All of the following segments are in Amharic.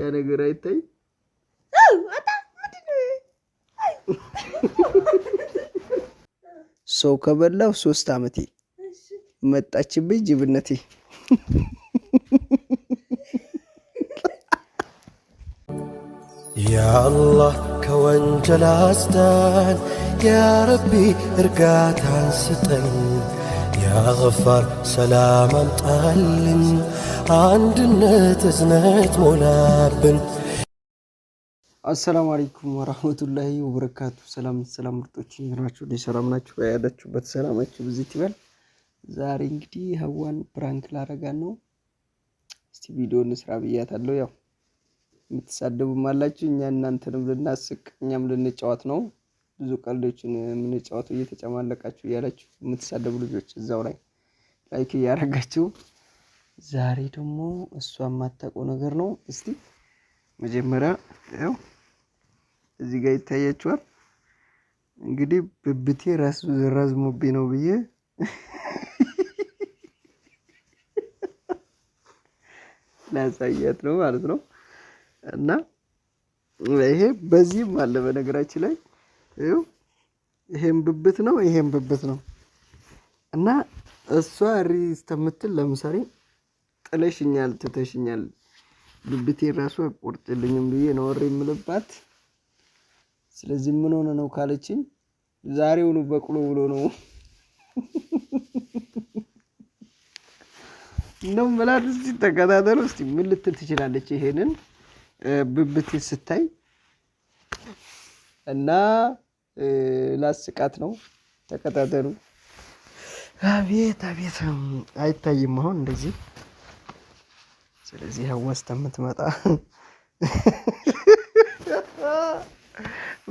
ያ ነገር አይታይ ሰው ከበላው ሶስት አመቴ መጣችብኝ ጅብነቴ። ያአላህ ከወንጀል አስዳን፣ ያረቢ እርጋታን ስጠኝ። ያገፋር ሰላም አምጣልን፣ አንድነት እዝነት ሞላብን። አሰላሙ አለይኩም ወራህመቱላሂ ወበረካቱ። ሰላም ሰላም፣ ምርጦች ናችሁ? ሰላም ናችሁ? ያላችሁበት ሰላማችሁ ብዚት ይበል። ዛሬ እንግዲህ ሀዋን ፕራንክ ላረጋ ነው። እስቲ ቪዲዮ እንስራ ብያታለሁ። ያው የምትሳደቡም አላችሁ፣ እኛ እናንተንም ልናስቅ እኛም ልንጫወት ነው። ብዙ ቀልዶችን የምንጫወተው እየተጨማለቃችሁ እያላችሁ የምትሳደቡ ልጆች እዛው ላይ ላይክ እያደረጋችው ዛሬ ደግሞ እሷ የማታውቀው ነገር ነው። እስቲ መጀመሪያ ያው እዚህ ጋር ይታያችኋል። እንግዲህ ብብቴ ራሱ ረዝሞብኝ ነው ብዬ ላሳያት ነው ማለት ነው። እና ይሄ በዚህም አለ በነገራችን ላይ ይሄም ብብት ነው፣ ይሄም ብብት ነው እና እሷ እሪ እስከምትል ለምሳሌ ጥለሽኛል፣ ትተሽኛል፣ ብብቴ ራሱ አቆርጭልኝም ብዬ ነው እሪ የምልባት። ስለዚህ ምን ሆነ ነው ካለችኝ ዛሬውኑ በቅሎ ብሎ ነው እንደው ምላት። እስቲ ተከታተሉ እስቲ ምን ልትል ትችላለች ይሄንን ብብት ስታይ እና ላስቃት ነው። ተከታተሉ። አቤት አቤት፣ አይታይም አሁን እንደዚህ። ስለዚህ ሀዋ እስከምትመጣ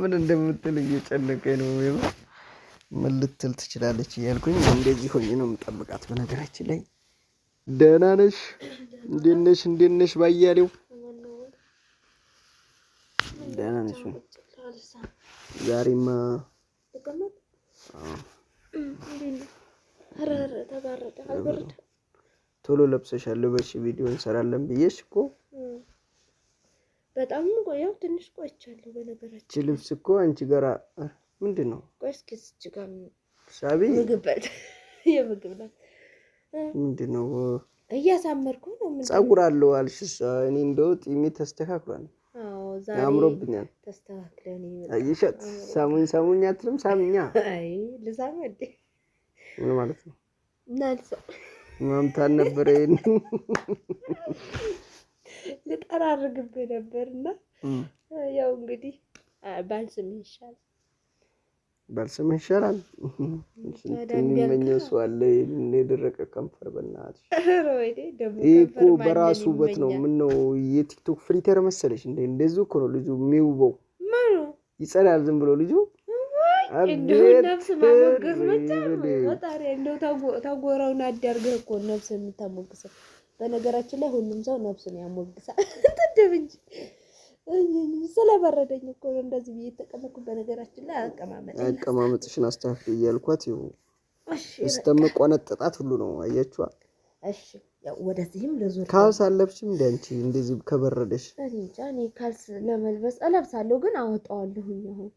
ምን እንደምትል እየጨነቀኝ ነው። ወይም ምን ልትል ትችላለች እያልኩኝ እንደዚህ ሆኜ ነው የምጠብቃት። በነገራችን ላይ ደህና ነሽ? እንዴት ነሽ? እንዴት ነሽ? ባያሌው ደህና ነሽ? ዛሬማ ቶሎ ለብሰሻል፣ በሽ ቪዲዮ እንሰራለን ብዬሽ እኮ በጣም ያው ትንሽ ቆይቻለሁ። በነገራችን እቺ ልብስ እኮ አንቺ ጋር ምንድን ነው? ቆይ እስኪ እዚህ ጋር ሳቢ የምግብ ናት። ምንድን ነው? እያሳመርኩ ነው። ምን ጸጉር አለው አልሽስ? እኔ እንደው ጢሜ ተስተካክሏል። አምሮብኛል። ተስተካክለን ሳሙኝ ሳሙኝ አትልም። ሳምኛ ልዛም ምን ማለት ነው? ማምታን ልጠራርግብህ ነበር እና ያው እንግዲህ ባልስም ይሻላል። ባልስም ይሻላል። የሚመኘው ሰው አለ። የደረቀ ከንፈር በእናትሽ ይህ እኮ በራሱ ውበት ነው። ምነው የቲክቶክ ፍሊተር መሰለች እንደ እንደዚህ እኮ ነው ልጁ የሚውበው። ይጸዳል ዝም ብሎ ልጁ ነፍስ ማሞገስ እንደው ተጎረውን አዳርገህ እኮ ነፍስ የምታሞግሰው። በነገራችን ላይ ሁሉም ሰው ነፍሱን ያሞግሳል። ጠደብ እንጂ ስለበረደኝ እኮ ነው እንደዚህ ብዬ የተቀመጥኩ። በነገራችን ላይ አቀማመጥ አቀማመጥሽን አስተካክል እያልኳት ይኸው እስከምቆነጥጣት ሁሉ ነው። አያችዋ። እሺ ወደዚህም ለዞር ካልስ አለብሽም እንደ አንቺ እንደዚህ ከበረደሽ። እንጃ እኔ ካልስ ለመልበስ እለብሳለሁ፣ ግን አወጣዋለሁኝ አሁን።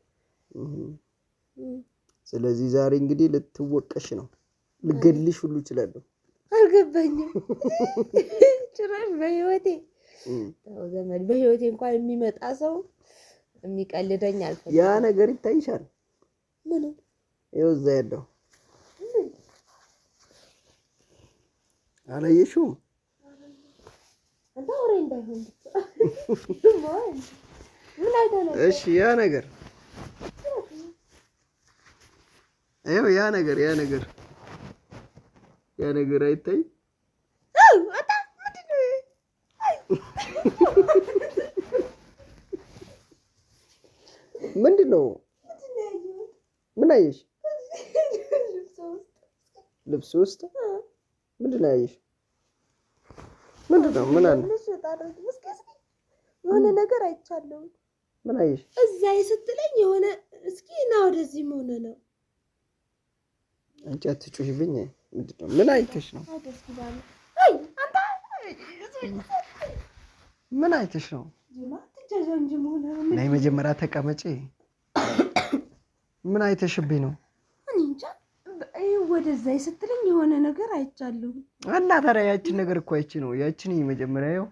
ስለዚህ ዛሬ እንግዲህ ልትወቀሽ ነው፣ ልገልሽ ሁሉ እችላለሁ። አልገባኝም ጭራሽ በህይወቴ ዘመድ በህይወቴ እንኳን የሚመጣ ሰው የሚቀልደኝ አልፈልግም። ያ ነገር ይታይሻል። ምን ይኸው እዛ ያለው አላየሽውም? እሺ ያ ነገር ይኸው ያ ነገር ያ ነገር ያ ነገር አይታይ ያየሽ? ልብስ ውስጥ ምንድን ነው ያየሽ? ምንድን ነው ምን አለ? የሆነ ነገር አይቻለሁ። ምን አየሽ? እዛ የስትለኝ የሆነ እስኪ ና ወደዚህ መሆነ ነው። አንቺ አትጩሽብኝ። ምንድን ነው ምን አይተሽ ነው? ምን አይተሽ ነው? ናይ መጀመሪያ ተቀመጪ ምን አይተሽብኝ ነው? ወደዛ ስትለኝ የሆነ ነገር አይቻለሁ። እና ታዲያ ያችን ነገር እኮ አይቼ ነው ያችን መጀመሪያ ያው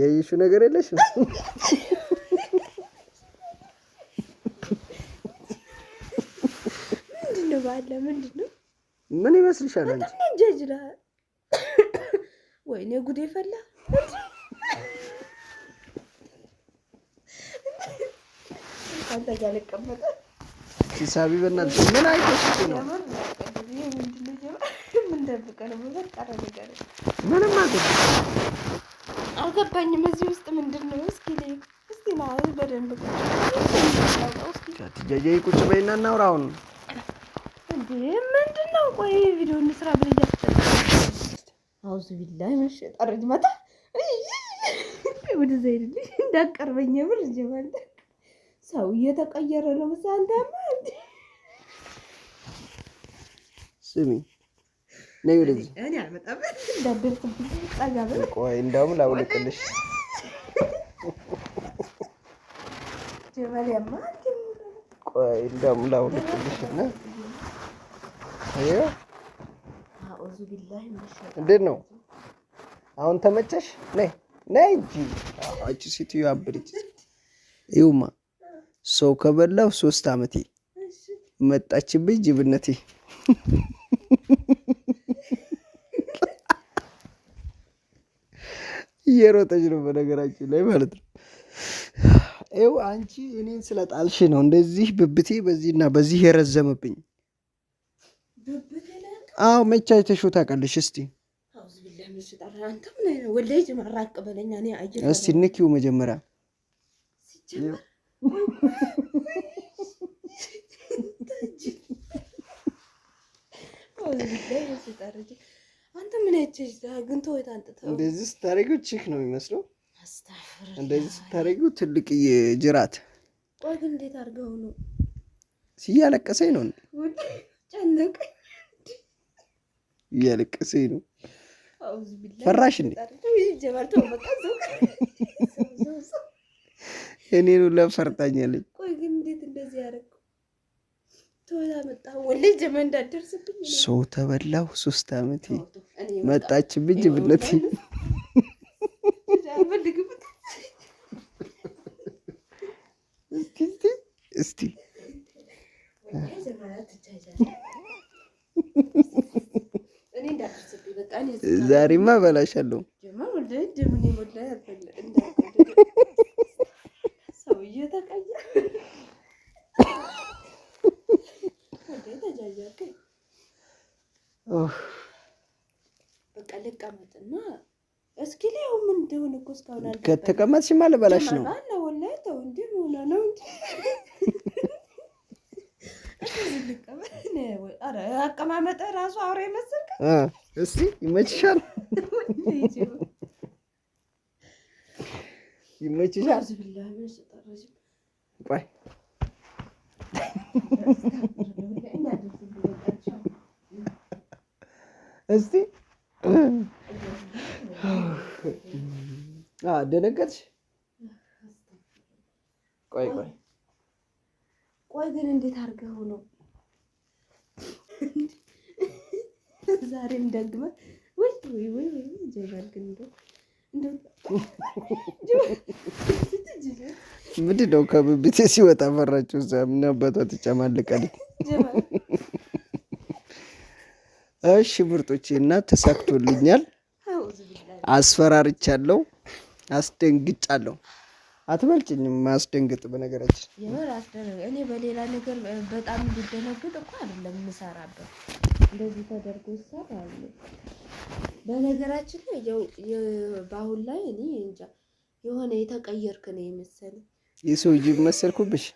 ያየሽው ነገር የለሽም። ምንድን ነው ባለ ምንድን ነው? ምን ይመስልሻል አንቺ? ወይኔ ጉዴ ፈላ አንተ ጋር ሂሳቢ ምን አይተሽ ነው? ምንም አልገባኝም። እዚህ ውስጥ ምንድን ነው? እስኪ እስኪ ና በደንብ ትጃጃይ ቁጭ በይና እናውራ። አሁን ምንድን ነው? ቆይ ቪዲዮ እንስራ ብለህ አውዝ ቢላይ መሸ ጠርጅ መጣ ወደዛ ሄድልኝ እንዳቀርበኝ ብር ሰው እየተቀየረ ነው። አንተማ ስሚ ነይ ወደዚህ። እኔ አልመጣም ቆይ፣ እንደውም ላውልቅልሽ ቆይ፣ እንደውም ላውልቅልሽ እና እንዴት ነው አሁን ተመቸሽ? ነይ ነይ እንጂ አጭ ሲቲዩ አብሪት ይውማ ሰው ከበላው ሶስት አመቴ መጣችብኝ ጅብነቴ። እየሮጠች ነው በነገራችን ላይ ማለት ነው። ይኸው አንቺ እኔን ስለጣልሽ ነው እንደዚህ ብብቴ በዚህና በዚህ የረዘመብኝ። አዎ መቻ የተሾ ታውቃለሽ። እስቲ እስቲ ንኪው መጀመሪያ አንተ ምን አይቼሽ ግንቶ ወይ ታንጥተው እንደዚህ ስታደርጊው ቺክ ነው የሚመስለው። እንደዚህ ስታደርጊው ትልቅ ጅራት። ቆይ ግን እንዴት አድርገው ነው ሲያለቀሰኝ ነው እያለቀሰኝ ነው። ፈራሽ እንዴ? እኔን ሁላ ፈርታኛለች። ሰው ተበላሁ። ሶስት አመት መጣችብኝ ጅብነት እስቲ ዛሬማ በላሻለሁ። በቃ ልቀመጥና እስኪ ሊያው ምን እንደሆነ እኮ እስካሁን አልገባኝም። ከተቀመጥሽማ ልበላሽ ነው። ወላሂ ተው እንደ ሆነ ነው እንጂ አቀማመጠ ራሱ አውራ የመሰልከ እስቲ ይመችሻል፣ ይመችሻል። እስቲ ደነገጥሽ? ቆይ ቆይ ቆይ ግን እንዴት አድርገው ነው ዛሬም ደግመ ወይ ወይ ወይ ጀባል ግን ምንድን ነው ከብብቴ ሲወጣ ፈራችሁ? እዛ ምን አባቷ ትጨማልቃለች። እሺ ምርጦቼ እና ተሳክቶልኛል። አስፈራርቻለሁ፣ አስደንግጫለሁ። አትበልጭኝም። ማስደንግጥ በነገራችን አስደንግጥ። እኔ በሌላ ነገር በጣም እንዲደነግጥ እኮ አይደለም የምሰራበት፣ እንደዚህ ተደርጎ ይሰራል። በነገራችን ላይ በአሁን ላይ እኔ እንጃ የሆነ የተቀየርክ ነው የመሰለኝ። የሰውዬ መሰልኩብሽ?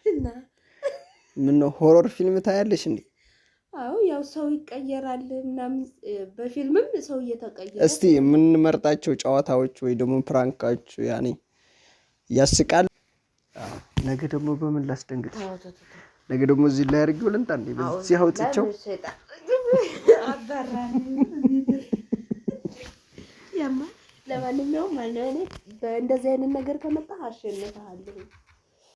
ምነው ሆሮር ፊልም ታያለሽ እንዴ? አዎ ያው ሰው ይቀየራል ምናምን በፊልምም ሰው እየተቀየረ እስቲ የምንመርጣቸው ጨዋታዎች ወይ ደግሞ ፕራንካች ያኔ ያስቃል። ነገ ደግሞ በምን ላስደንግጥ? ነገ ደግሞ እዚህ ላይ አድርጌው ልምጣ እንዴ? በዚህ አውጥቼው ለማንኛውም እንደዚህ አይነት ነገር ከመጣ አሸንፍሃለሁ።